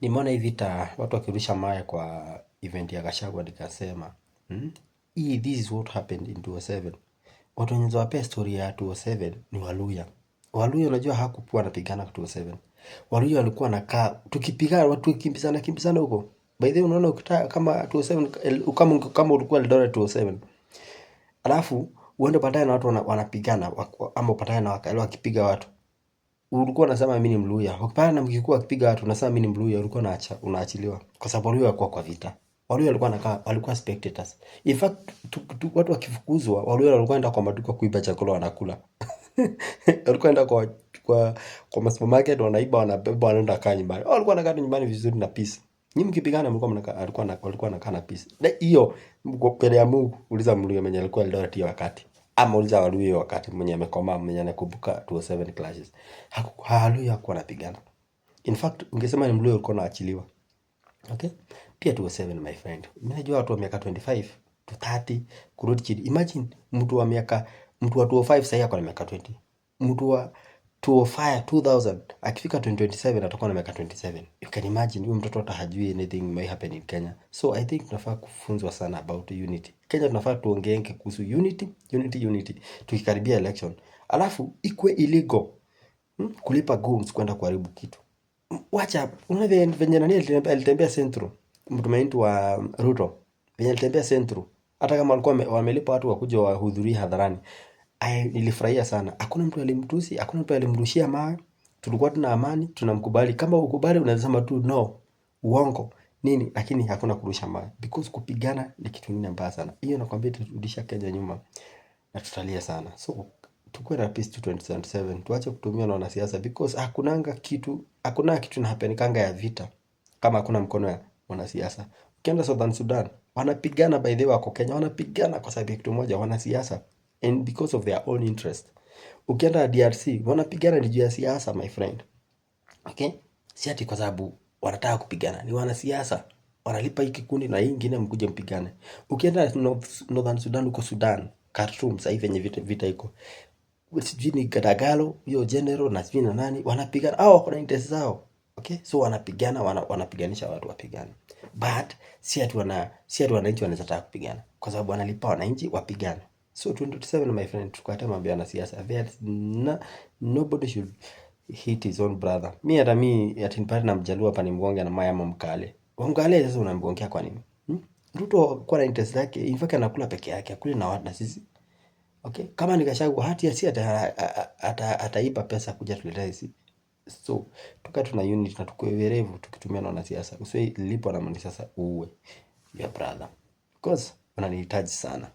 Nimeona hii vita watu wakirusha mawe kwa event ya Gachagua nikasema hmm? Hii this is what happened in 2007. Watu wenye wapea story ya 2007 ni Waluya. Waluya unajua hakukuwa anapigana 2007. Waluya walikuwa wanakaa tukipigana watu tukikimbizana kimbizana huko. By the way unaona ukitaka kama 2007 kama kama ulikuwa Eldoret 2007. Alafu uende baadaye na watu wanapigana ama upatane na wakaelewa wakipiga watu ulikuwa unasema mimi ni Mluya. ukipatana na mkikuyu akipiga watu unasema mimi ni Mluya, ulikuwa unaacha unaachiliwa kwa sababu waluhya hawakuwa kwa vita waluhya walikuwa wanakaa walikuwa spectators in fact tu, tu, watu wakifukuzwa waluhya walikuwa wanaenda kwa maduka kuiba chakula wanakula walikuwa wanaenda kwa kwa kwa masupermarket wanaiba wanabeba wanaenda kaa nyumbani wao walikuwa wanakaa nyumbani vizuri na peace nyi mkipigana mlikuwa mnakaa alikuwa walikuwa wanakaa na peace na hiyo mbele ya Mungu uliza Mluya mwenye alikuwa Eldoret hiyo wakati ameuliza Waluo hiyo wakati mwenye amekoma mwenye anakumbuka 27 clashes. Waluo hakuwa anapigana. In fact, ungesema ni Mluo alikuwa anaachiliwa. Okay? Pia 27 my friend. Mimi najua watu wa miaka 25 to 30 kurudi chini. Imagine mtu wa miaka mtu wa 25 sasa yako na miaka 20. Mtu wa 205, 2000 akifika 2027 atakuwa na miaka 27. You can imagine huyu mtoto hata hajui anything may happen in Kenya. So I think tunafaa kufunzwa sana about unity. Kenya tunafaa tuongeenge kuhusu unity, unity, unity tukikaribia election. Alafu ikwe illegal hmm? kulipa goons kwenda kuharibu kitu. Wacha unaona venye nani alitembea, alitembea Central mtumaini wa um, Ruto venye alitembea centro hata kama walikuwa wamelipa watu wakuja wahudhurie hadharani nilifurahia sana. Hakuna mtu alimtusi, hakuna mtu alimrushia mawe. Tulikuwa tuna amani, tunamkubali. Kama hukubali, unasema tu no, uongo, nini. Lakini hakuna kurusha mawe. Because kupigana ni kitu ingine mbaya sana. Hiyo nakwambia itarudisha Kenya nyuma. Na tutalia sana. So, tukuwe na peace to 2027. Tuache kutumia na wanasiasa. Because hakunanga kitu, hakuna kitu inahapenikanga ya vita. Kama hakuna mkono ya wanasiasa. Ukienda Southern Sudan, wanapigana by the way wako Kenya. Wanapigana kwa sababu ya kitu moja, wanasiasa and because of their own interest. Ukienda DRC wanapigana ni juu ya siasa my friend, okay? Si ati kwa sababu wanataka kupigana, ni wanasiasa wanalipa hii kikundi na hii ingine, mkuje mpigane. Ukienda North, Northern Sudan, uko Sudan Khartoum, sasa hivi yenye vita, vita iko sijui ni Gadagalo hiyo general na sijui na nani wanapigana, hao wako na interest zao okay, so wanapigana wana, wanapiganisha watu wapigane, but si ati wana si ati wananchi wanaweza kupigana, kwa sababu wanalipa wananchi wapigane. So 2027 my friend, tukwata mambo na wanasiasa. There na, nobody should hit his own brother. Mi hata mi ati nipate na mjaluo hapa nimgonge na maya ama mkale. Wamkale sasa unamgongea kwa nini? Hmm? Ruto kwa na interest yake, in fact anakula peke yake, akule na watu na sisi. Okay? Kama nikashagwa hati ya si ata ataiba pesa kuja tuleta sisi. So tuka tuna unit na tukue werevu tukitumia na wanasiasa. Usiwe lipo na mani sasa uwe your brother. Because unanihitaji sana.